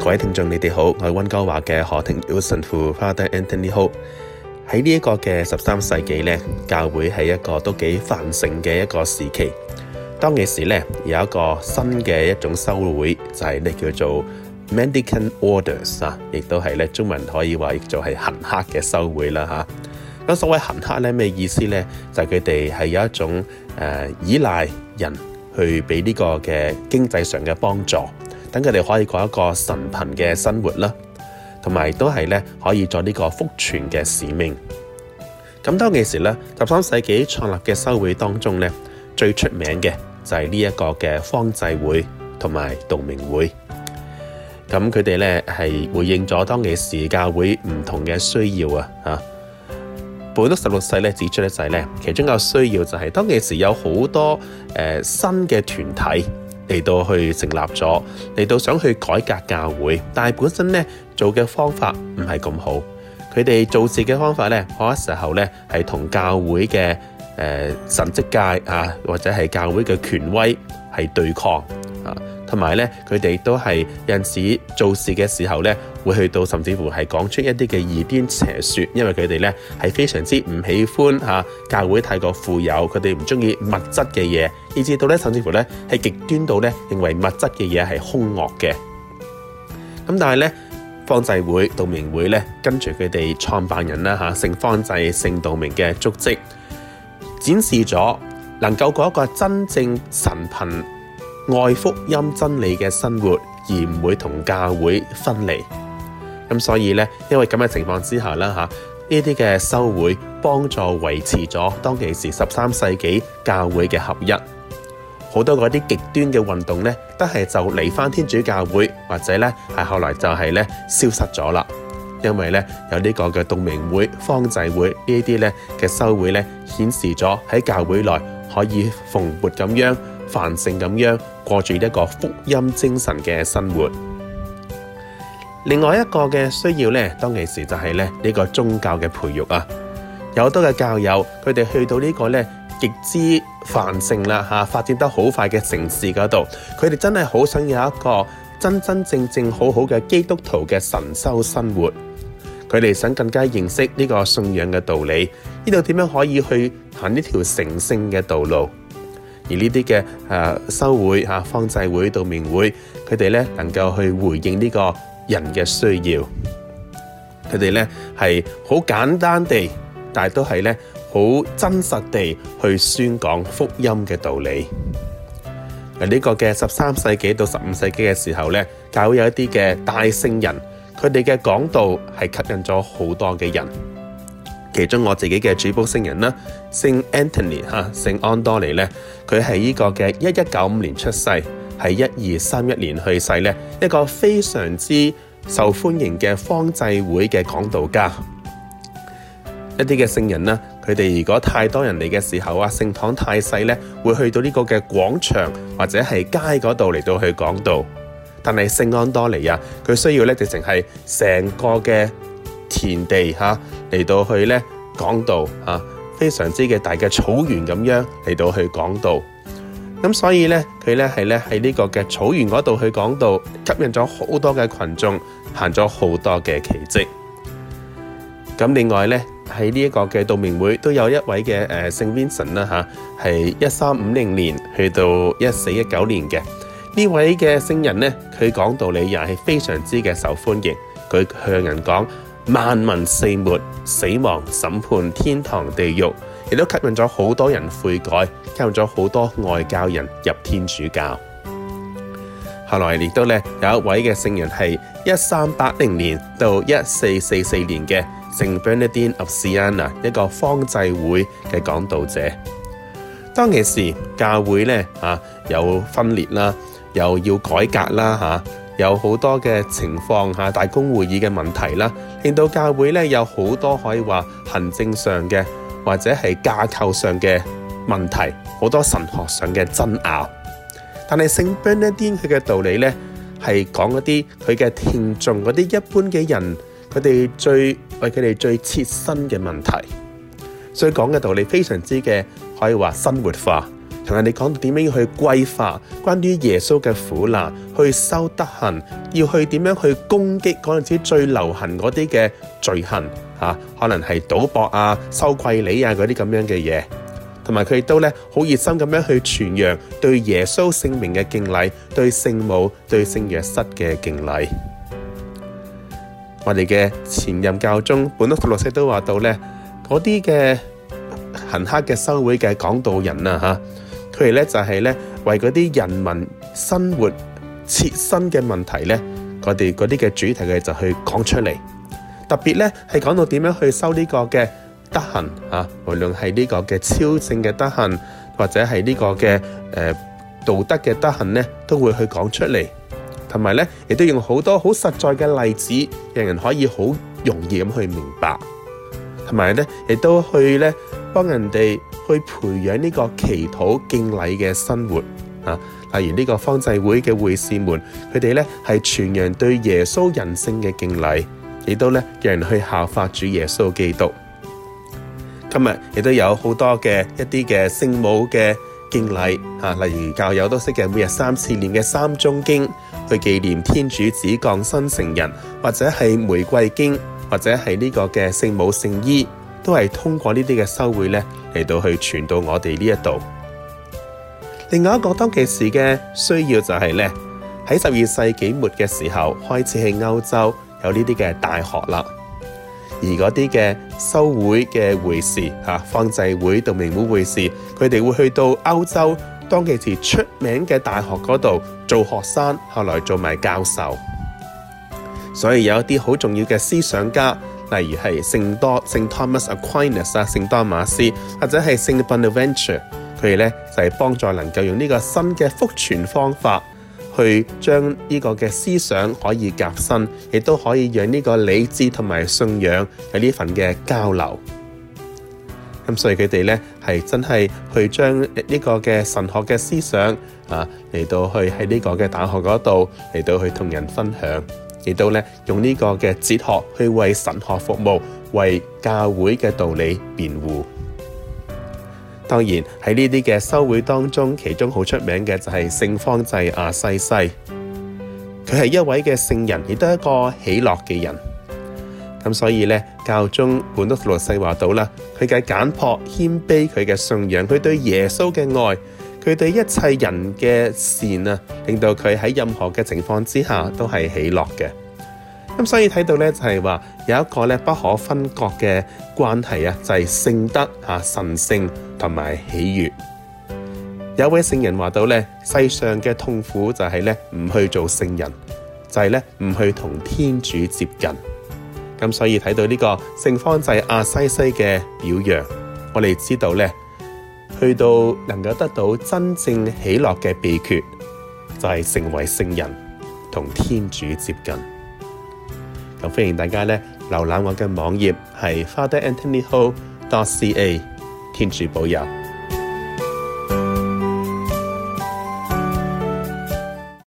各位聽眾，你哋好，我係溫哥華嘅何庭 Wilson Who Father Anthony Hope 喺呢一個嘅十三世紀咧，教會係一個都幾繁盛嘅一個時期。當其時咧，有一個新嘅一種修會，就係、是、咧叫做 Mendicant Orders 啊，亦都係咧中文可以話，亦就係行乞嘅修會啦吓。咁、啊、所謂行乞咧咩意思咧？就係佢哋係有一種誒、呃、依賴人去俾呢個嘅經濟上嘅幫助。等佢哋可以過一個神貧嘅生活啦，同埋都係咧可以做呢個福傳嘅使命。咁當其時咧，十三世紀創立嘅修會當中咧，最出名嘅就係呢一個嘅方濟會同埋道明會。咁佢哋咧係回應咗當其時教會唔同嘅需要啊！嚇，本篤十六世咧指出咧就係咧，其中嘅需要就係、是、當其時有好多誒、呃、新嘅團體。嚟到去成立咗，嚟到想去改革教會，但係本身呢做嘅方法唔係咁好，佢哋做事嘅方法呢，好多時候呢，係同教會嘅誒、呃、神職界啊或者係教會嘅權威係對抗。同埋咧，佢哋都係有陣時做事嘅時候咧，會去到甚至乎係講出一啲嘅異端邪説，因為佢哋咧係非常之唔喜歡嚇教會太過富有，佢哋唔中意物質嘅嘢，以至到咧甚至乎咧係極端到咧認為物質嘅嘢係兇惡嘅。咁但係咧，方濟會、道明會咧跟住佢哋創辦人啦嚇，聖、啊、方濟、聖道明嘅足跡，展示咗能夠過一個真正神貧外福音真理嘅生活，而唔會同教會分離。咁所以呢，因為咁嘅情況之下啦，吓呢啲嘅修會幫助維持咗當其時十三世紀教會嘅合一。好多嗰啲極端嘅運動呢，都係就離翻天主教會，或者呢，係後來就係呢消失咗啦。因為呢有呢個嘅道明會、方濟會呢啲呢嘅修會呢顯示咗喺教會內可以蓬勃咁樣繁盛咁樣過住一個福音精神嘅生活。另外一個嘅需要呢，當其時就係咧，呢個宗教嘅培育啊。有好多嘅教友，佢哋去到呢個咧極之繁盛啦吓，發展得好快嘅城市嗰度，佢哋真係好想有一個真真正正好好嘅基督徒嘅神修生活。佢哋想更加認識呢個信仰嘅道理，呢度點樣可以去行呢條成聖嘅道路？而呢啲嘅誒修會嚇，方濟會、道明會，佢哋咧能夠去回應呢個人嘅需要，佢哋咧係好簡單地，但係都係咧好真實地去宣講福音嘅道理。嗱，呢個嘅十三世紀到十五世紀嘅時候咧，教會有一啲嘅大聖人，佢哋嘅講道係吸引咗好多嘅人。其中我自己嘅主保聖人啦，聖 Anthony 吓，聖安多尼咧，佢係呢個嘅一一九五年出世，係一二三一年去世咧，一個非常之受歡迎嘅方濟會嘅講道家。一啲嘅聖人呢，佢哋如果太多人嚟嘅時候啊，聖堂太細咧，會去到呢個嘅廣場或者係街嗰度嚟到去講道。但係聖安多尼啊，佢需要咧直情係成個嘅。田地吓嚟、啊、到去咧講道嚇、啊，非常之嘅大嘅草原咁樣嚟到去講道。咁所以呢，佢呢係咧喺呢個嘅草原嗰度去講道，吸引咗好多嘅群眾，行咗好多嘅奇跡。咁另外呢，喺呢一個嘅道明會都有一位嘅誒聖、呃、Vincent 啦、啊、吓係一三五零年去到一四一九年嘅呢位嘅聖人呢，佢講道理又係非常之嘅受歡迎。佢向人講，萬民四末，死亡，審判，天堂，地獄，亦都吸引咗好多人悔改，吸引咗好多外教人入天主教。後來亦都咧有一位嘅聖人係一三八零年到一四四四年嘅聖 Bernardine of Siena，一個方濟會嘅講道者。當其時教會咧啊有分裂啦，又要改革啦吓。啊有好多嘅情況下，大公會議嘅問題啦，令到教會咧有好多可以話行政上嘅或者係架構上嘅問題，好多神學上嘅爭拗。但係聖班尼丁佢嘅道理咧係講一啲佢嘅聽眾嗰啲一般嘅人，佢哋最為佢哋最切身嘅問題，所以講嘅道理非常之嘅可以話生活化。同埋你講到點樣去歸化，關於耶穌嘅苦難，去修德行，要去點樣去攻擊嗰陣時最流行嗰啲嘅罪行，吓、啊、可能係賭博啊、收貴利啊嗰啲咁樣嘅嘢，同埋佢亦都咧好熱心咁樣去傳揚對耶穌聖名嘅敬禮，對聖母、對聖約瑟嘅敬禮。我哋嘅前任教宗本德篤洛西都話到咧，嗰啲嘅行黑嘅修會嘅講道人啊，吓、啊。佢哋咧就係咧，為嗰啲人民生活切身嘅問題咧，我哋嗰啲嘅主題嘅就去講出嚟。特別咧係講到點樣去修呢個嘅德行啊，無論係呢個嘅超性嘅德行，或者係呢、這個嘅誒、呃、道德嘅德行咧，都會去講出嚟。同埋咧，亦都用好多好實在嘅例子，讓人可以好容易咁去明白。同埋咧，亦都去咧幫人哋。去培養呢個祈禱敬禮嘅生活啊，例如呢個方濟會嘅會士們，佢哋咧係全人對耶穌人性嘅敬禮，亦都咧讓人去效法主耶穌基督。今日亦都有好多嘅一啲嘅聖母嘅敬禮啊，例如教友都識嘅每日三次念嘅三鐘經，去紀念天主子降生成人，或者係玫瑰經，或者係呢個嘅聖母聖衣。都係通過呢啲嘅修會咧嚟到去傳到我哋呢一度。另外一個當其時嘅需要就係咧，喺十二世紀末嘅時候開始，喺歐洲有呢啲嘅大學啦。而嗰啲嘅修會嘅會士啊，方濟會、道明會會士，佢哋會去到歐洲當其時出名嘅大學嗰度做學生，後來做埋教授。所以有一啲好重要嘅思想家。例如係聖多聖托馬斯阿奎納斯啊、聖多馬斯或者係聖 Bonaventure 佢哋咧就係、是、幫助能夠用呢個新嘅福傳方法，去將呢個嘅思想可以夾新，亦都可以讓呢個理智同埋信仰有呢份嘅交流。咁所以佢哋咧係真係去將呢個嘅神學嘅思想啊嚟到去喺呢個嘅大學嗰度嚟到去同人分享。亦都咧用呢個嘅哲學去為神學服務，為教會嘅道理辯護。當然喺呢啲嘅修會當中，其中好出名嘅就係聖方濟亞西西，佢係一位嘅聖人，亦都係一個喜樂嘅人。咁所以咧，教宗本篤十六世話到啦，佢嘅簡樸、謙卑，佢嘅信仰，佢對耶穌嘅愛。佢哋一切人嘅善啊，令到佢喺任何嘅情況之下都係喜樂嘅。咁所以睇到咧，就係話有一個咧不可分割嘅關係啊，就係聖德啊、神聖同埋喜悦。有位聖人話到咧，世上嘅痛苦就係咧唔去做聖人，就係咧唔去同天主接近。咁所以睇到呢個聖方濟阿西西嘅表揚，我哋知道咧。去到能夠得到真正喜樂嘅秘訣，就係、是、成為聖人同天主接近。咁歡迎大家呢，瀏覽我嘅網頁，係 FatherAnthonyHo.CA。天主保佑。